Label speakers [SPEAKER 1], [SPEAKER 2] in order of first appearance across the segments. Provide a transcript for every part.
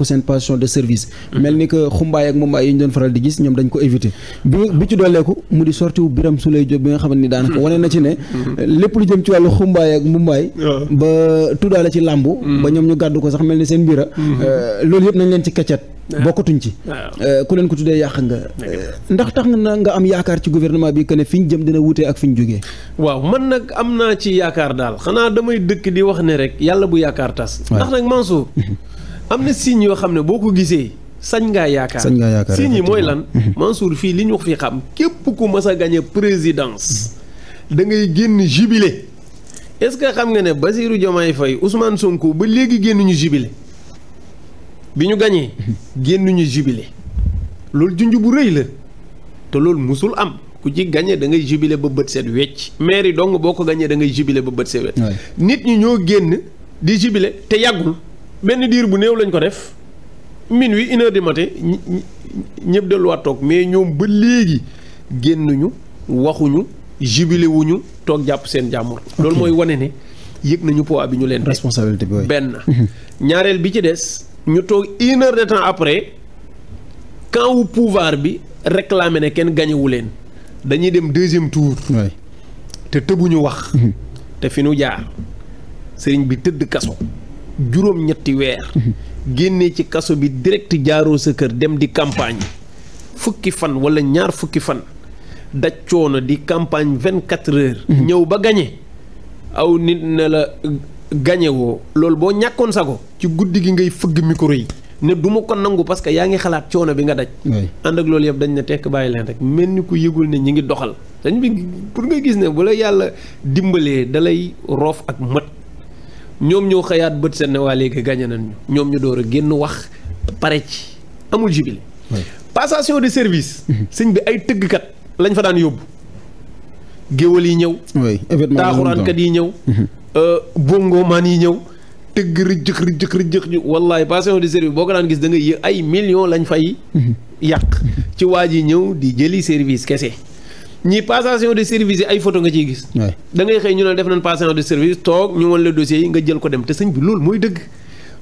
[SPEAKER 1] yokk seen position de service mel ni que xumbaay ak moom ay yi ñu doon faral di gis ñoom dañ ko éviter bi bi ci dooleeku mu di sorti wu Biram Souleye Diop bi nga xamante ni daanaka wane na ci ne lépp lu jëm ci wàllu xumbaay ak mumbaay ba tuddaale ci làmbu ba ñoom ñu gàdd ko sax mel ni seen mbira mm-hmm. euh, loolu yëpp nañ leen ci keccat bokkatuñ ci euh, ku leen ko tuddee yàq nga ndax tax na nga am yaakaar ci gouvernement bi que ne fi ñu jëm dina wutee ak fi ñu jógee
[SPEAKER 2] waaw man nag am naa ci yaakaar daal xanaa damay dëkk di wax ne rek yàlla bu yaakaar am na signes yoo xam ne boo ko gisee sañ ngaa yaakaar sañ ngaa yaakaar signes yi mooy lan Mansour fii li ñu fi xam képp ku mas a gagné présidence da ngay génn jubilé est-ce que xam nga ne Basirou Diomaye Faye Ousmane Sonko ba léegi génnuñu jubilé bi ñu gañee génnuñu jubilé loolu junj bu rëy la te loolu mosul am ku ci gagné da ngay jubilé ba bët set wecc maire yi dong boo ko gañee da ngay jubilé ba bët set wecc nit ñi ñoo génn di jubilé te yàggul benn diir bu néew lañ ko def minuit une heure du matin ñëpp delluwaat toog mais ñoom ba léegi génnuñu waxuñu jubilé wuñu toog jàpp seen jàmbur. loolu mooy wane ne yëg nañu poids bi ñu leen.
[SPEAKER 1] responsabilité bi benn.
[SPEAKER 2] Mhm. ñaareel bi ci des ñu toog une heure de temps après quand wu pouvoir bi réclamer ne kenn gañewu leen dañuy dem deuxième tour. te tëbuñu wax. Mhm. te fi nu jaar sëriñ bi tëdd kaso. juróom-ñetti weer. génne ci kaso bi direct jaaroo sa kër dem di campagne fukki fan wala ñaar fukki fan daj coono di campagne vingt quatre heures. Mm-hmm. ñëw ba gañe aw nit ne la gañe woo. loolu boo ñàkkoon sa ko ci guddi gi ngay fëgg micro yi. ne du ma ko nangu parce que yaa ngi xalaat coono bi nga daj. ànd ak loolu yëpp dañ na tekk bàyyi leen rek mel ni ku yëgul ne ñi ngi doxal. dañ bi pour nga gis ne bu la yàlla dimbalee dalay roof ak mët. ñoom ñoo xëyaat bët seen waa léegi gagné nañu ñoom ñu door a génn wax pare ci amul jubile passation de service. Mhm. sëñ bi ay tëggkat lañ fa daan yóbbu. géwal yi ñëw.
[SPEAKER 1] oui taaxuraankat yi ñëw. Mhm.
[SPEAKER 2] Euh, bongomaan yi ñëw. tëgg rëjëx rëjëx rëjëx ñu wallaay passation de service boo ko daan gis dangay yëg ay million lañ fay. Mhm. yàq ci waa ji ñëw di jëli service kese. ñii passation de service yi ay photo nga ciy gis. da ngay xëy ñu ne def nañ passation de service toog ñu won la dossier yi nga jël ko dem te sëñ bi loolu mooy dëgg.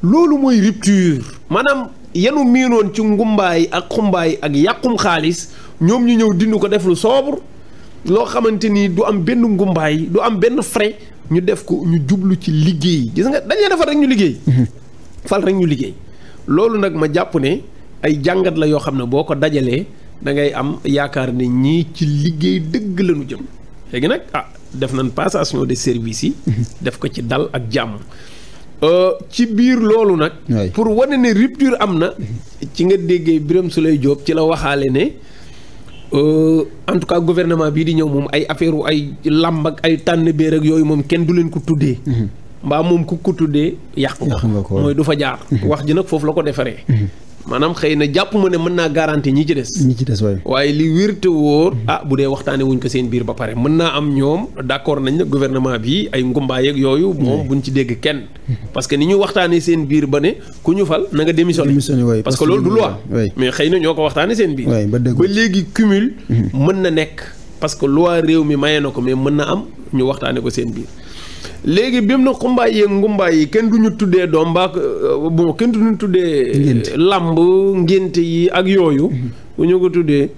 [SPEAKER 2] loolu mooy rupture maanaam yanu miinoon ci ngumbaay ak xumbaay ak yàqum xaalis ñoom ñu ñëw dindi ko def lu sobre loo xamante ni du am benn ngumbaay du am benn frais ñu def ko ñu jublu ci liggéey gis nga dañ leen defal rek ñu liggéey. Mhm. fal rek ñu liggéey. loolu nag ma jàpp ne ay jàngat la yoo xam ne boo ko dajalee. da ngay am yaakaar ne ñii ci liggéey dëgg la ñu jëm léegi nag ah def nañ passation de service yi. def ko ci dal ak jàmm. Euh, ci biir loolu nag. pour wane ne rupture am na. ci nga déggee Birame Souleye Diop ci la waxaale ne. Euh, en tout cas gouvernement bii di ñëw moom ay affaire wu ay làmb ak ay tànn béer ak yooyu moom kenn du leen ko tuddee. Mm-hmm. mbaa moom ku ko tuddee yàq nga ko mooy du fa jaar. Mm-hmm. wax ji nag foofu la ko defaree. Mm-hmm. maanaam xëy na jàpp ma ne mën naa garanti ñi ci des. ñi ci des waaye. li wér te wóor. ah bu dee waxtaanee wuñ ko seen biir ba pare mën naa am ñoom d' accord nañ ne gouvernement bi ay ngumbaay yeeg yooyu. moom buñ ci dégg kenn. parce que ni ñu waxtaanee seen biir ba ne ku ñu fal na nga démissionné.
[SPEAKER 1] démissionné parce que loolu du loi.
[SPEAKER 2] mais xëy na ñoo ko waxtaanee seen biir. ba léegi cumul. Mhm. mën na nekk parce que loi réew mi maye na ko mais mën na am ñu waxtaanee ko seen biir. léegi bi mu ne xumbaay yeeg ngumbaay yi kenn duñu tuddee doom ba euh, bon kenn du tuddee. Euh, làmb ngénte yi ak yooyu. Mm-hmm. bu ñu ko tuddee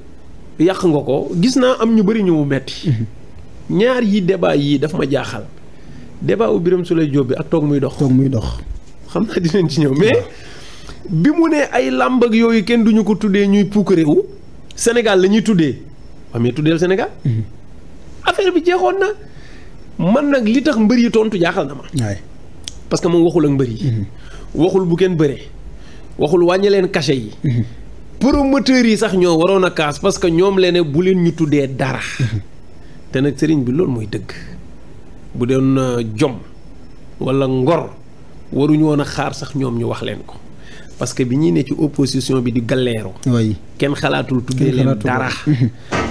[SPEAKER 2] yàq nga ko gis naa am ñu bëri ñu mu metti mm-hmm. ñaar yi débat yii daf ma jaaxal débat u Birame Souleye Diop bi ak toog muy dox. toog muy dox xam naa dinañ ci ñëw mais. bi mu ne ay làmb ak yooyu kenn duñu ko tuddee ñuy puukare wu Sénégal la ñuy tuddee waa mais tuddeel Sénégal.
[SPEAKER 1] Mm-hmm.
[SPEAKER 2] affaire bi jeexoon na. man nag li tax mbër yi tontu jaaxal na ma. parce que moom waxul ak mbër yi. Mhm. waxul bu kenn bëree. waxul wàññi leen cachet yi. Mhm. promoteurs yi sax ñoo waroon a kaas parce que ñoom ne bu leen ñu tuddee dara. Mhm. te nag sëriñ bi loolu mooy dëgg. bu doon euh, jom wala ngor waruñu woon xaar sax ñoom ñu wax leen ko parce que bi ñuy ne ci opposition bi di galleero oui kenn xalaatul tuddee leen dara.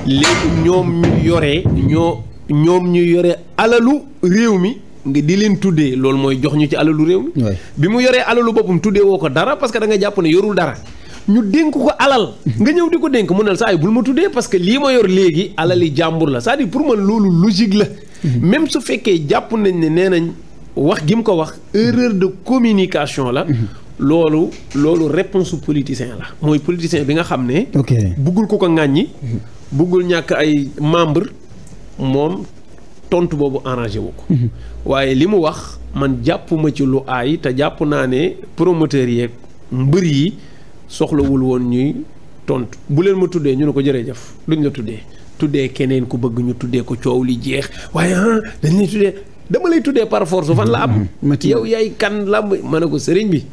[SPEAKER 2] léegi ñoom ñu yore ñoo. ñoom ñuy yore alalu réew mi nga di leen tuddee loolu mooy jox ñu ci alalu réew mi. bi mu yoree alalu boppam tuddee woo ko dara parce que da nga jàpp ne yorul dara. ñu dénk ko alal nga ñëw di ko dénk mu ne saa yi bul ma tuddee parce que lii ma yor léegi alali jàmbur la cest à pour man loolu logique la. même su fekkee jàpp nañ ne nee nañ wax gi mu ko wax erreur de communication la. loolu loolu réponse politicien la mooy politicien bi nga xam ne. ok buggul ko ko ŋàññi. buggul ñàkk ay membre moom tontu boobu arrangé wu ko. waaye li mu wax man jàppuma ci lu aay te jàpp naa ne promoteurs yeeg mbër yi soxlawul woon ñuy tontu bu leen ma tuddee ñu ne ko jërëjëf duñ la tuddee tuddee keneen ku bëgg ñu tuddee ko coow li jeex waaye ah dañ lay tuddee dama lay tuddee par force fan la am. yow yaay kan làmb ma ne ko sëriñ bi.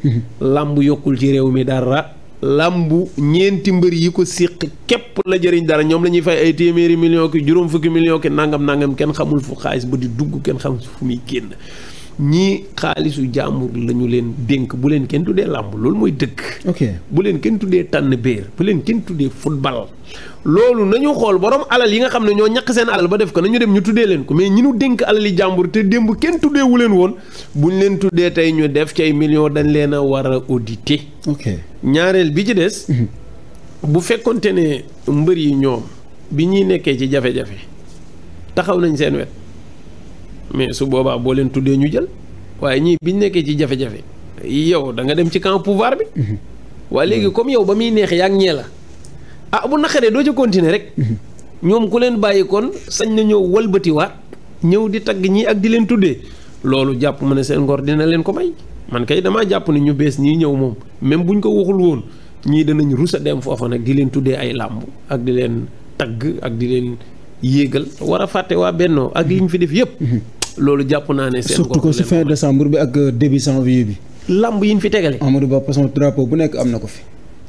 [SPEAKER 2] làmb yokkul ci réew mi dara. làmbu ñeenti mbër yi ko siq képp la jariñ dara ñoom la ñuy fay ay téeméeri million ki juróom fukki million ki nangam nangam kenn xamul fu xaalis ba di dugg kenn xamul fu muy génn ñii xaalisu jàmbur la ñu leen dénk bu leen kenn tuddee làmb loolu mooy dëkk ok bu leen kenn tuddee tànn béer bu leen kenn tuddee football. loolu nañu xool borom alal yi nga xam ne ñoo ñàkk seen alal ba def ko nañu dem ñu tuddee leen ko mais ñi ñu dénk alali jàmbur te démb kenn tuddee wu leen woon buñ leen tuddee tey ñu def cay million dañ leen a war a auditer. ok ñaareel bi ci des. Mhm. bu fekkonte ne mbër yi ñoom bi ñuy nekkee ci jafe-jafe taxaw nañ seen wet. mais su boobaa boo leen tuddee ñu jël waaye ñii biñ nekkee ci jafe-jafe yow da nga dem ci camp pouvoir bi. Mhm. waa léegi comme yow ba muy neex yaa ngi ñee la ah bu naqaree doo ca continuer rek. Mhm. ñoom ku leen bàyyi kon sañ na ñëw wëlbatiwaat ñëw di tagg ñii ak di leen tuddee loolu jàpp ma ne seen ngor dina leen ko may man kay damaa jàpp ne ñu bees ñii ñëw moom même buñ ko waxul woon ñii danañ rus a dem foofa nag di leen tuddee ay làmb ak di leen tagg ak di leen yéegal war a fàtte waa bennoo ak liñ fi def yépp mhm. loolu jàpp naa ne. seen surtout que si fin
[SPEAKER 1] décembre bi ak début janvier bi. làmb yi ñu fi tegale. Amadou Ba façon drapeau bu nekk am
[SPEAKER 2] na ko fi.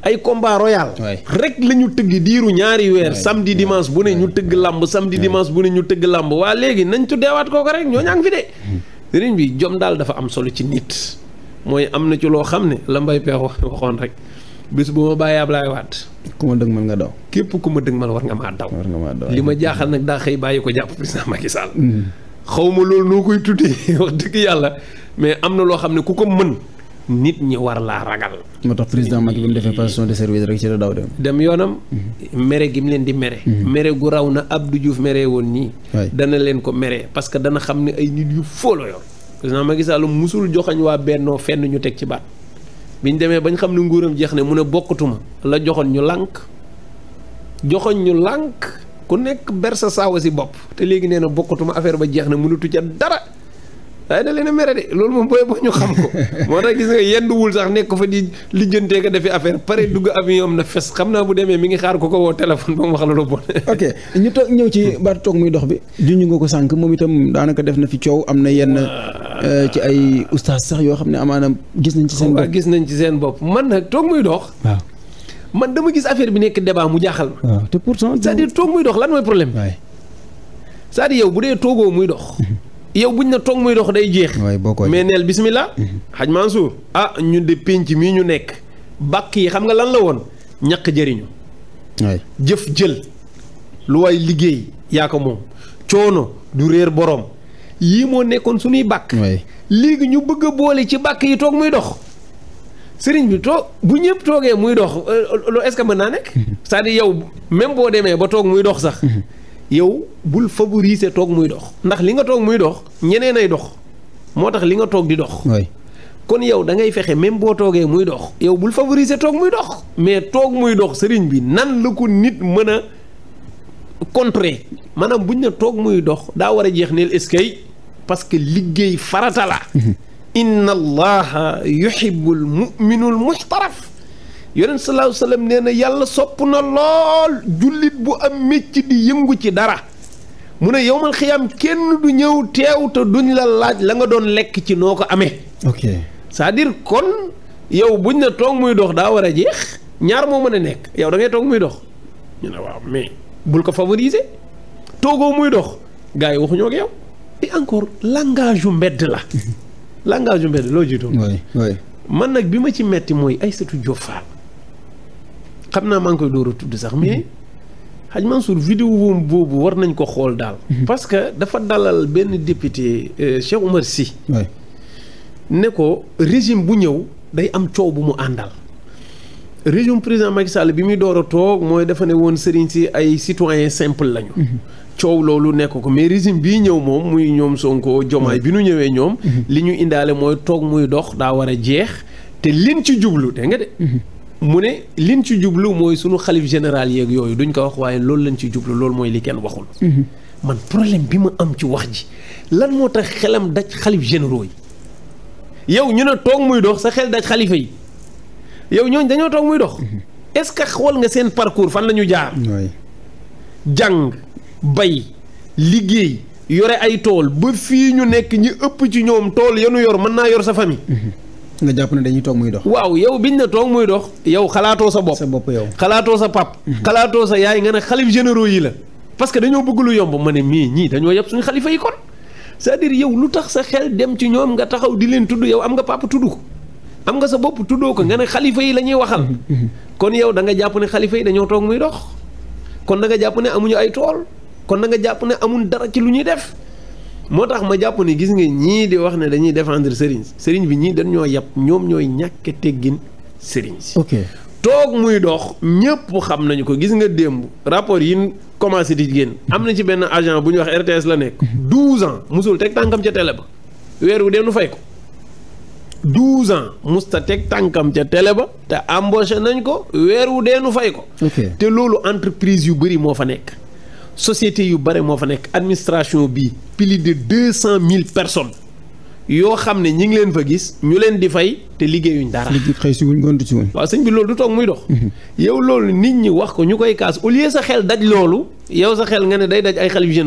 [SPEAKER 2] ay combat royal. rek la ñu tëgg diiru ñaari weer. samedi dimanche bu ne ñu tëgg lamb samedi dimanche bu ne ñu tëgg lamb waa léegi nañ tuddeewaat kooko rek ñoo ñaa ngi fi de. Hmm. sëriñ bi jom daal dafa am solo ci nit. mooy am na ci loo xam ne la mbay peex waxoon rek. bis bu ma bàyyi Ablaye Wade. ku ma dëgmal nga daw. képp ku ma dëgmal war nga maa daw. war nga maa daw li ma jaaxal nag daa xëy bàyyi ko jàpp président Macky xaw ma loolu noo koy tuddee wax dëgg yàlla mais am na loo xam ne ku ko mën nit ñi war laa ragal.
[SPEAKER 1] moo tax président Macky bi mu defee passation de service rek ci daw dem.
[SPEAKER 2] dem yoonam. Mhm. mere gi leen di mere. Mhm. mere gu raw na Abdou Diouf mere woon nii. dana leen ko mere parce que dana xam ne ay nit yu foolo yoon. président Macky Sall musul joxañ waa bennoo fenn ñu teg ci baat ñu demee bañ xam ne nguuram jeex ne mu ne bokkatuma la joxoon ñu lànk joxoñ ñu lànk. ku nekk ber sa saawa si bopp te léegi nee na bokkatuma affaire ba jeex na mënatu ca dara waaye da leen a mere de loolu moom booy boo ñu xam ko moo tax gis nga yenduwul sax nekk fa di lijjantee ko defi affaire pare dugg avion am na fes xam naa bu demee mi ngi xaar ko ko woo téléphone ba mu wax la lu bon. ok
[SPEAKER 1] ñëw ci baatu muy dox bi junj nga ko sànq moom itam daanaka def na fi coow am na yenn euh, ci ay ustaas sax yoo xam ne amaanaam
[SPEAKER 2] gis nañ ci seen bopp. gis nañ ci seen bopp man nag toog muy dox. man dama gis affaire bi nekk débat mu jaaxal ma. waaw ah, te toog muy dox lan mooy problème. waay cest yow bu dee toogoo muy dox. yow buñ na toog muy dox day jeex. mais neel bismillah. xaj Mansour a ah, ñu de penc mi ñu nekk. bàkk yi xam nga lan la woon ñàkk jëriñu. jëf jël. lu waay liggéey yaa ko moom coono du réer boroom. yii moo nekkoon su suñuy bàkk léegi ñu bëgg boole ci bàkk yi toog muy dox. sëriñ bi toog bu ñëpp toogee muy dox euh, euh, loolu est mën naa nekk. c'est-à-dire yow même boo demee ba toog muy dox sax. yow bul favoriser toog muy dox. ndax li nga toog muy dox ñeneen ay dox moo tax li nga toog di dox. kon yow da ngay fexe même boo toogee muy dox. yow bul favoriser toog muy dox. mais toog muy dox sëriñ bi nan la ko nit mën a contrer maanaam buñ ne toog muy dox daa war a jeex neel eskay parce que liggéey farata mhm. inna allaha yuhibbul muminul muxtaraf yonent sallallahu alayhi wa nee na yàlla sopp na lool jullit bu am mécc di yëngu ci dara mu ne yowmal xiyaam kenn du ñëw teew te duñ la laaj la nga doon lekk ci noo ko amee. ok kon yow buñ ne toog muy dox daa war a jeex ñaar moo mën a nekk yow dangay ngay toog muy dox ñu ne waaw mais bul ko favoriser toogoo muy dox gars yi waxuñoo ak yow. et encore langage yu mbedd la. langage yu mbedd loo jiitoon. oui oui. man nag bi ma ci metti mooy ay Aïssatou Diop Fall xam naa maa ngi koy door a tudd sax mais xaj Mansour vidéo boobu war nañ ko xool daal. Mhm. parce que dafa dalal benn député euh, Cheikh Oumar si ne ko régime bu ñëw day am coow bu mu àndal. régime président Macky Sall bi muy door a toog mooy dafa ne woon sëriñ si ay citoyen simple lañu. Mhm. coow loolu nekk ko mais régime bii ñëw moom muy ñoom sonkoo jomaay mm. bi nu ñëwee ñoom mm-hmm. li ñu indaale mooy toog muy dox daa war a jeex te lin ci jublu dégg nga de mm-hmm. mu ne lin ci jublu mooy sunu xalif général yeeg yooyu duñ ko wax waaye loolu lañ ci jublu loolu mooy li kenn waxul mm-hmm. man problème bi ma am ci wax ji lan moo tax xelam daj xalif généraux yi yow ñu ne toog muy dox sa xel daj xalifa yi yow ñooñ dañoo toog muy dox est-ce que xool nga seen parcours fan la ñu jaar jàng bay liggéey yore ay tool ba fii ñu nekk ñi ëpp ci ñoom tool yanu yor mën naa yor sa famille. Mhm.
[SPEAKER 1] nga jàpp ne dañuy toog muy
[SPEAKER 2] dox. waaw yow biñ ne toog muy dox yow xalaatoo sa bopp sa bopp yow. xalaatoo sa pap mhm. xalaatoo sa yaay nga ne xalif généraux yi la. parce que dañoo bëgg lu yomb ma ne mii ñii dañoo yab suñu xalifa yi kon cest à yow lu tax sa xel dem ci ñoom nga taxaw di leen tudd yow am nga papa tudd ko am nga sa bopp tuddoo ko nga ne xalifa yi lañuy ñuy waxal. Mhm. kon yow da nga jàpp ne xalifa yi dañoo toog muy dox kon da jàpp ne amuñu ay tool. kon nanga jàpp ne amul dara ci lu ñuy def moo tax ma jàpp ne gis nga ñii di wax ne dañuy défendre sëriñ sëriñ bi ñii dañ ñoo yàpp ñoom ñooy ñàkke teggin sëriñ si. toog muy dox ñëpp xam nañu ko gis nga démb rapport yi commencé di génn am na ci benn agent bu ñuy wax RTS la nekk 12 ans musul teg tànkam ca télé ba weer wu dee nu fay ko 12 ans musta teg tànkam ca tele ba te embauché nañ ko weer wu dee nu fay ko. te loolu entreprise yu bëri moo fa nekk. société yu bare moo fa nekk administration bi plus de deux cent mille personnes yoo xam ne ñi ngi leen fa gis ñu leen di fay te liggéeyuñ dara. liggéey
[SPEAKER 1] xëy si wuñ gont si wuñ.
[SPEAKER 2] sëñ bi loolu du toog muy dox. Mhm. yow loolu nit ñi wax ko ñu koy kaas au lieu sa xel daj loolu yow sa xel nga ne day daj ay xel yu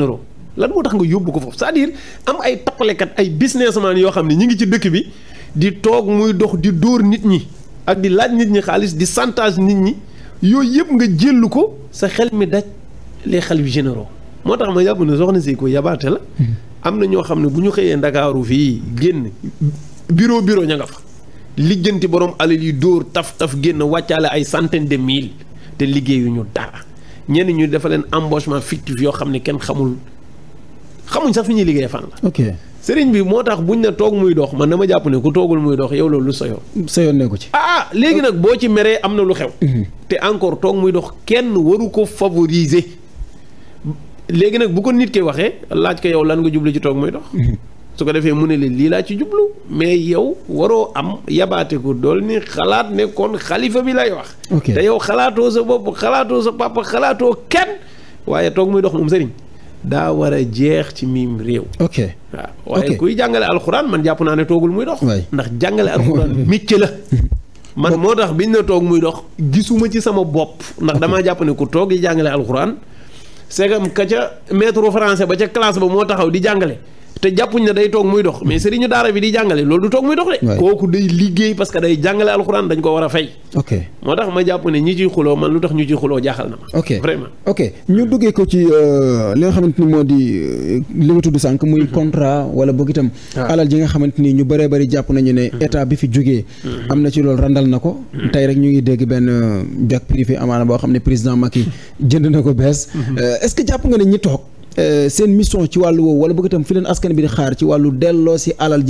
[SPEAKER 2] lan moo tax nga yóbbu ko foofu cest à am ay tappalekat ay businessman yoo xam ne ñi ngi ci dëkk bi di toog muy dox di dóor nit ñi ak di laaj nit ñi xaalis di chantage nit ñi yooyu yëpp nga jëllu ko sa xel mi daj. les xalif généro moo tax ma jàpp ne soxna si ko yabaate la hmm. am na ñoo xam ne bu ñu xëyee ndakaaru fii génn bureau bureau ña nga fa lijjanti borom alal yi dóor taf taf génn wàccaale ay centaine de mille te ñu dara ñenn ñu dafa leen embauchement fictif yoo xam ne kenn xamul xamuñ sax fi ñuy liggéey fan la. sëriñ bi moo tax buñ ne toog muy dox man dama jàpp ne ku toogul muy dox yow loolu lu soyoo.
[SPEAKER 1] soyoon ne ko ci.
[SPEAKER 2] ah, ah léegi nag boo ci meree am na lu xew. Hmm. te encore toog muy dox kenn waru ko favoriser. léegi nag bu ko nit ki waxee laaj ko yow lan nga jublu ci toog muy dox. Mm-hmm. su ko defee mu ne lii laa ci jublu mais yow waroo am yabaate ko dool ni xalaat ne xalifa bi lay wax. te yow xalaatoo sa bopp xalaatoo sa papa xalaatoo kenn waaye toog muy dox moom sëriñ daa war a jeex ci miim réew. ok waaye kuy jàngale alxuraan man jàpp naa ne toogul muy dox. ndax jàngale alxuraan métier la. man moo tax bi na toog muy dox gisuma ci sama bopp ndax damaa jàpp ne ku toog yi jàngale alxuraan. c'est que ka ca maître français ba ca classe ba moo taxaw di jàngale te jàppuñ ne day toog muy dox mais sëriñu daara bi di jàngale loolu du toog muy dox de kooku day liggéey parce que day jàngale alxuraan dañ ko war a fay ok moo tax ma jàpp ne ñi ciy man lu ñu ciy xuloo ok vraiment
[SPEAKER 1] ok ñu duggee ko ci euh, li nga xamante ni moo di euh, li nga tudd sànq muy mhm. contrat wala boog itam ah. alal ji nga xamante ni ñu bëree bëri jàpp nañu ne mhm. état bi fi jógee mhm. am na ci loolu randal na ko tey rek ñu ngi dégg benn jet euh, privé amaana boo xam ne président Macky jënd na ko bees est-ce que jàpp nga ne ñi toog Euh, seen mission ci wàllu woowu wala bëgg itam fi leen askan bi di xaar ci wàllu delloo si alal ji